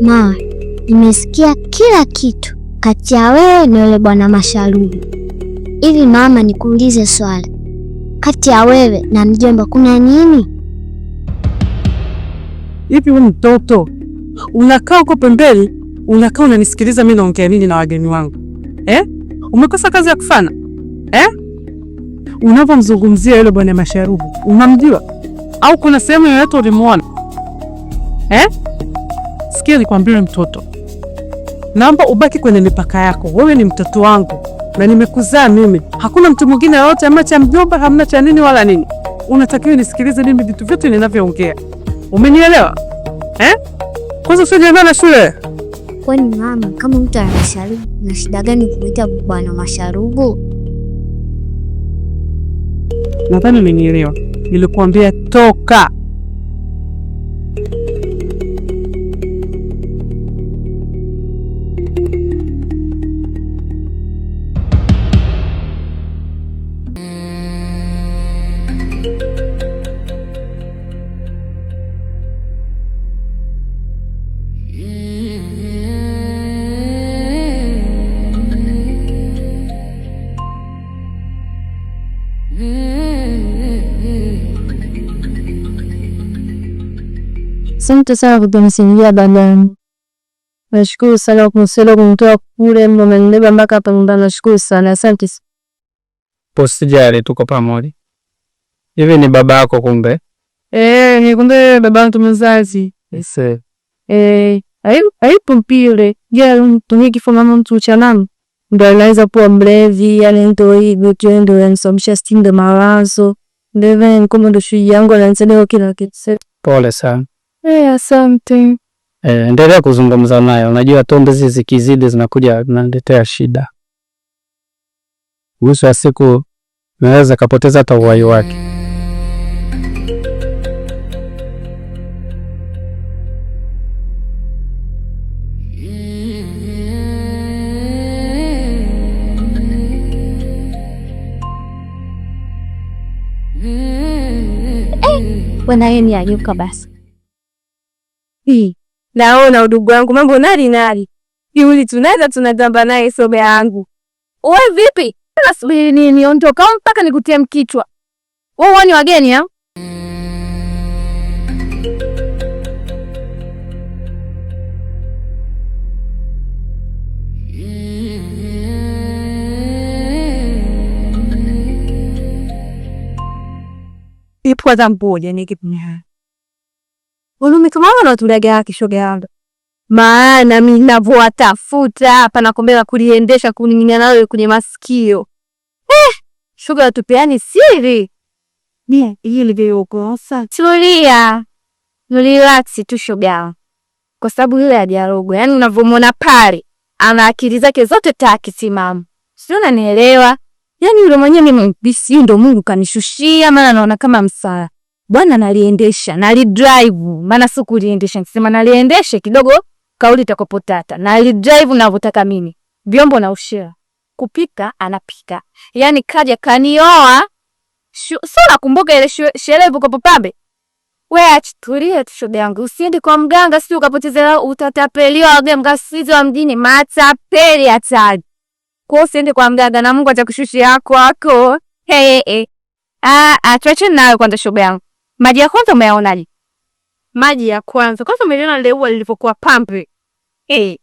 Mawe, nimesikia kila kitu kati ya wewe na yule bwana Masharubu. Hivi mama, nikuulize swali, kati ya wewe na mjomba kuna nini? Hivi wewe mtoto unakaa huko pembeni, unakaa unanisikiliza mimi naongea nini na wageni wangu eh? Umekosa kazi ya kufana eh? Unavyomzungumzia yule bwana Masharubu unamjua au kuna sehemu yoyote ulimuona eh? sikia nikwambie mtoto, naomba ubaki kwenye mipaka yako. Wewe ni mtoto wangu na nimekuzaa mimi, hakuna mtu mwingine yoyote, ama cha mjomba, hamna cha nini wala nini. Unatakiwa nisikilize mimi vitu vyote ninavyoongea, umenielewa eh? Kwanza sio jamaa na shule. Kwani mama, kama mtu ana masharubu, na shida gani kumwita bwana masharubu? Nadhani umenielewa, nilikuambia toka Asante sana kutumisingia bandani, nashukuru sana kunsela kunitoa kule mmenibeba mpaka hapa nyumbani, nashukuru sana asante. Posijali, tuko pamoja. Hivi ni baba yako kumbe? Eh, ni kumbe baba yangu mzazi. Yes. Eh, aipo mpile je, mtu kifo mama mtu chanam ndo anaweza kuwa mlevi, yani ndo hivi tendo yanasababisha stingo mawazo. Ndio vile nikomo ndo shughuli yangu na kila kitu. Pole sana yeah, something. Eh, endelea kuzungumza nayo. Unajua tombe hizi zikizidi zinakuja zinaletea shida, mwisho wa siku naweza kapoteza hata uhai wake. Hey, eh, wanayeni ayuka basi Naona udugu wangu mambo nali nali. Yuli tunaweza tunadamba naye sobe yangu. Wewe vipi? Nasubiri ni niondoka mpaka nikutie mkichwa. Wewe uone wageni au? Ipwa zamboje nikipnya ulimituma tulega yake shoga yangu, maana mimi ninavyowatafuta hapa nakombea kuliendesha kuning'inia nayo kwenye masikio eh, shoga, atupeani siri nie ilivyokosa tulia relax tu shoga, kwa sababu yule hajarogwa. Yaani unavyomwona pale, ana akili zake zote takisimama, sio? Unanielewa? Yaani yule mwenyewe mimi ndo Mungu kanishushia, maana naona kama msaa bwana, naliendesha nalidrive, maana si kuliendesha, nisema naliendeshe kidogo, kauli itakopotata, nalidrive navyotaka mimi. Vyombo na ushia, kupika anapika, yani kaja kanioa. Sio nakumbuka ile sherehe huko Popambe. Wewe achitulie tu shoga yangu, usiende kwa mganga, sio ukapoteza, utatapeliwa. Wage mgasizi wa mjini matapeli hatari. Kwa usiende kwa mganga na Mungu atakushushia yako wako. Hey, hey, hey. Ah, ah, tuachane nayo kwanza shoga yangu. Maji ya kwanza umeyaonaje? Maji ya kwanza kwanza umeliona lile ua lilivyokuwa pambe. Eh.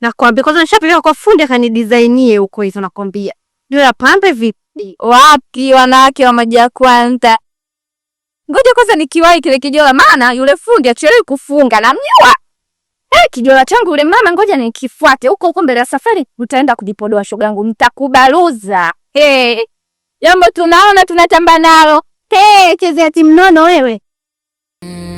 Nakwambia kwanza nishapeleka kwa fundi akanidesignie huko hizo nakwambia. Ndio ya pambe vipi? Wapi wanawake wa maji ya kwanza? Ngoja kwanza nikiwahi kile kijola maana yule fundi achelewi kufunga namjua. Eh, kijola changu yule mama ngoja nikifuate huko huko mbele ya safari utaenda kujipodoa shogangu mtakubaruza. Eh. Jambo tunaona tunatamba nalo. Hey, chezea timu nono wewe. Mm.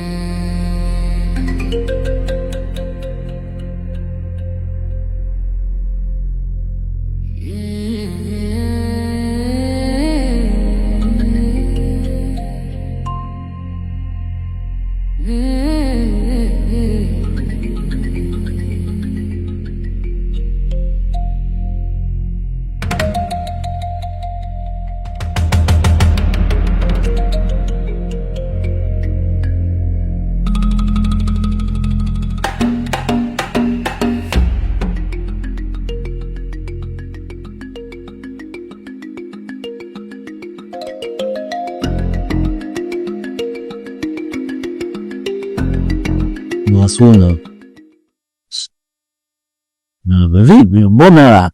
sura. Vipi, mbona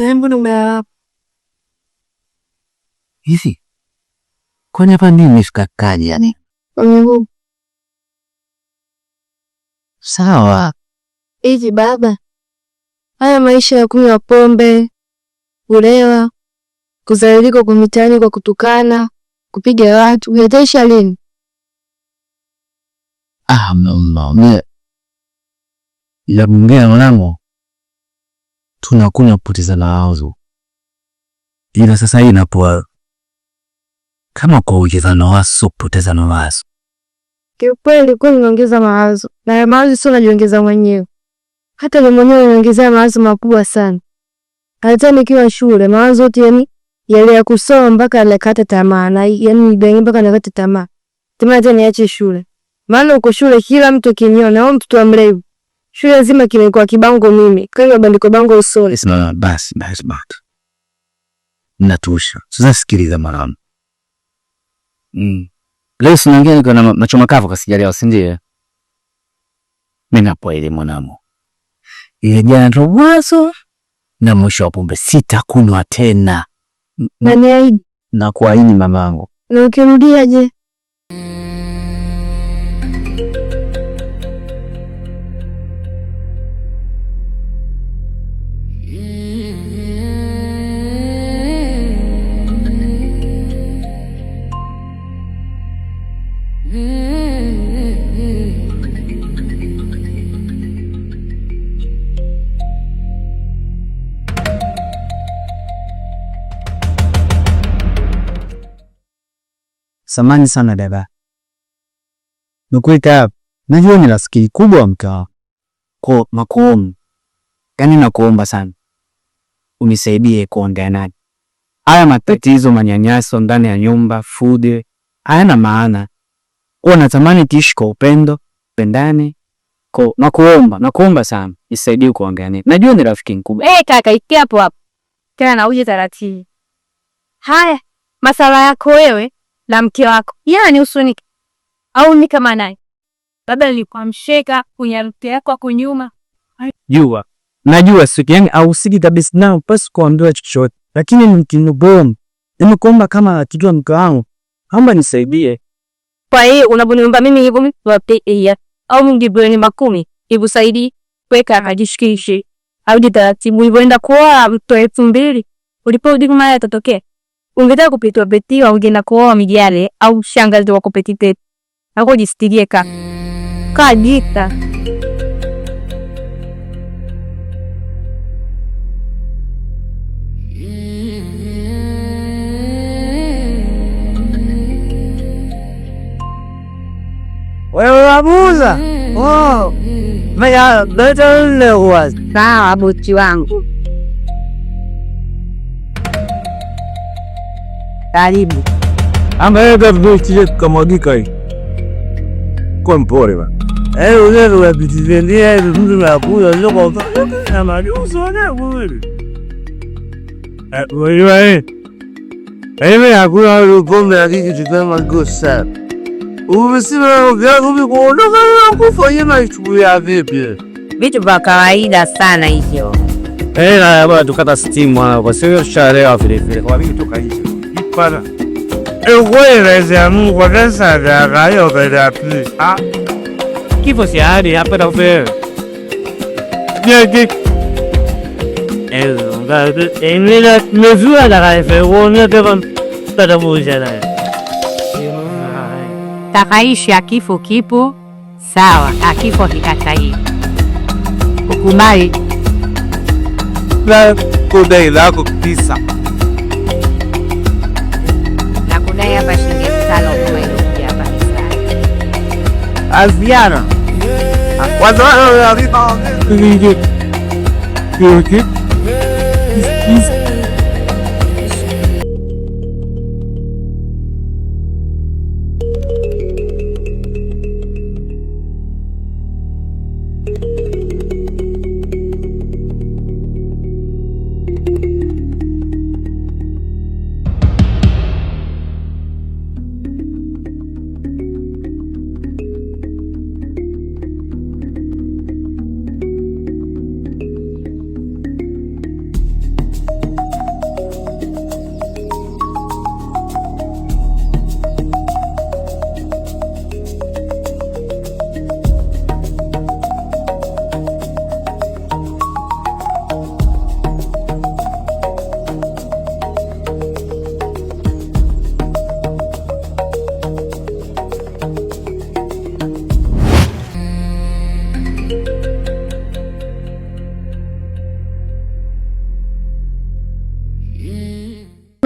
e hivi kwani hapa ndio nimefika kaji? Yani sawa hivi e baba, haya maisha ya kunywa pombe, kulewa, kuzaliko kwa mitaani kwa kutukana, kupiga watu yataisha lini? Ah, mama Ila mlango tunakunya kupoteza mawazo, ila sasa hii inapoa kama kwa ujezano waso kupoteza mawazo kiukweli, kuwa niongeza mawazo na mawazo sio najiongeza mwenyewe, hata ni mwenyewe niongezea mawazo makubwa sana. Hata nikiwa shule mawazo yote yani yale ya kusoma mpaka nikakata tamaa, na yani nibangi mpaka nikakata tamaa, tamaa tena niache shule, maana uko shule kila mtu kiniona au mtoto wa mlevi shule nzima kimekuwa kibango mimi, kama bandiko bango usoni. Basi basi basi, natosha sasa. Sikiliza mwanangu, mm. leo sinaongea niko na machoma kavu kasija leo, si ndio? Mimi napo ile mwanangu, ile jana ndo wazo na mwisho wa pombe sitakunywa tena, na kuahidi mamangu, na ukirudia je? Samani sana dada. Nakuita hapa. Najua ni rafiki kubwa mkaa. Kwa makuomu. Yaani nakuomba sana. Unisaidie kuongea naye. Haya matatizo manyanyaso ndani ya nyumba, food, hayana maana. Huwa natamani tuishi kwa upendo, pendane. Kwa nakuomba, nakuomba sana. Nisaidie kuongea naye. Najua ni rafiki mkubwa. Eh, hey, kaka ikia hapo hapo. Tena uje taratibu. Haya, masala yako wewe na mke wako, yani anihusuniki au ni kama naye Baba alikuwa mshega kwenye harusi yako kwa nyuma. Jua najua siku yangu au ahusiki kabisa na pasi kuambiwa chochote, lakini ni mkinu nikinubom nimekuomba kama akijua mke wangu amba nisaidie. Kwa hiyo unaponiomba mimi hivyo mimi tuwapeia au mngibreni makumi hivyo saidi weka hajishikishi au jitaratibu ulivyoenda kuoa mtu elfu mbili uliporudi maya atatokea Ungetaka kupitwa beti au ungeenda kuoa mijale au shanga zote wako peti peti. Hapo jisitirie ka Kaa Wewe wabuza. Mm. Oh. Maya, ndio ndio. Sawa, buchi wangu. Karibu. Ameweka vitu vyetu kamwagika hii. Kwa mpole bana. Eh, wewe wewe vitu vyenyewe mtu unakuja sio kwa na majuzo na wewe. Eh, wewe. Eh, mimi hakuna lukombe lakini tukama gosa. Umesema vyangu vikuondoka na kufanya maichu ya vipi? Vitu vya kawaida sana hivyo. Eh, na bwana tukata stimu hapo. Sio sharewa vile vile. Kwa vitu tukaishi. para. Eu goiarese a mungua dança da raio da plus. Ah, que você are a para ver? É, é Minha dica. Eu da em o mesura da raio, eu não devo para mulher. Takaishi akifo kipo sawa, akifo kikatai. Ukumai. Lá, kudei lá, kukisa. aziana wazao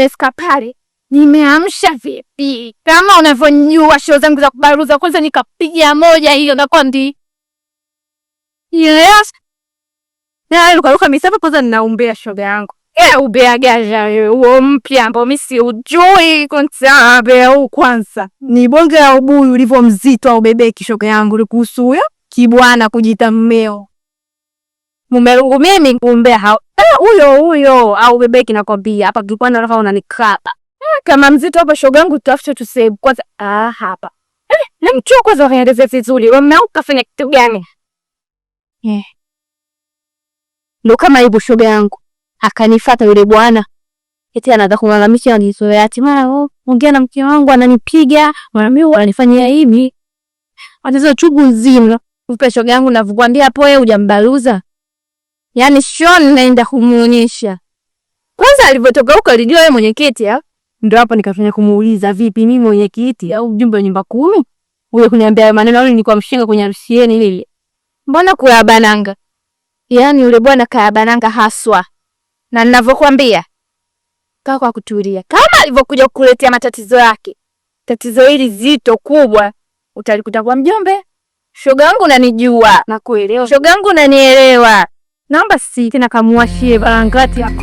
Pesca pale, nimeamsha vipi? Kama unavyonijua show zangu za kubaruza, kwanza nikapiga moja hiyo na nakwandi yes. Na ruka misafa kwanza, ninaumbea shoga yangu ubea ubeagaja huo mpya ambao mimi siujui konsabeu. Kwanza ni bonge la ubuyu ulivyo mzito au bebeki, shoga yangu, likuhusu huyo kibwana kujita mmeo mumelungu. Mimi ngumbea Eh, huyo huyo au bebeki, nakwambia hapa kilikuwa na rafa unanikaba eh, kama mzito hapa, shogangu, tutafute tu save kwanza. Ah, hapa eh, na mtu kwanza kaeleze vizuri, mume wangu kafanya kitu gani? Eh, ndo kama hivyo, shogangu akanifuata yule bwana eti anaanza kulalamisha nizoea ati mara oh, ongea na mke wangu ananipiga, mara mimi ananifanyia hivi, watazo chungu nzima. Upe shogangu, navyokuambia hapo, wewe hujambaruza Yaani sioni naenda kumuonyesha. Kwanza alivyotoka huko alijua wewe mwenyekiti ya? Ndio hapo nikafanya kumuuliza vipi mimi mwenyekiti au mjumbe wa nyumba kumi? Ule kuniambia hayo maneno au nilikuwa mshinga kwenye harusi yenu ile Mbona kula bananga? Yaani yule bwana kaya bananga haswa. Na ninavyokuambia kaa kwa kutulia. Kama alivyokuja kukuletea matatizo yake. Tatizo hili zito kubwa utalikuta kwa mjombe. Shoga yangu unanijua. Nakuelewa. Shoga yangu unanielewa. Namba si tena kamuwashie barangati yako.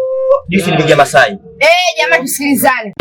Dishi ndugu ya Masai. Eh, jamaa tusikilizane.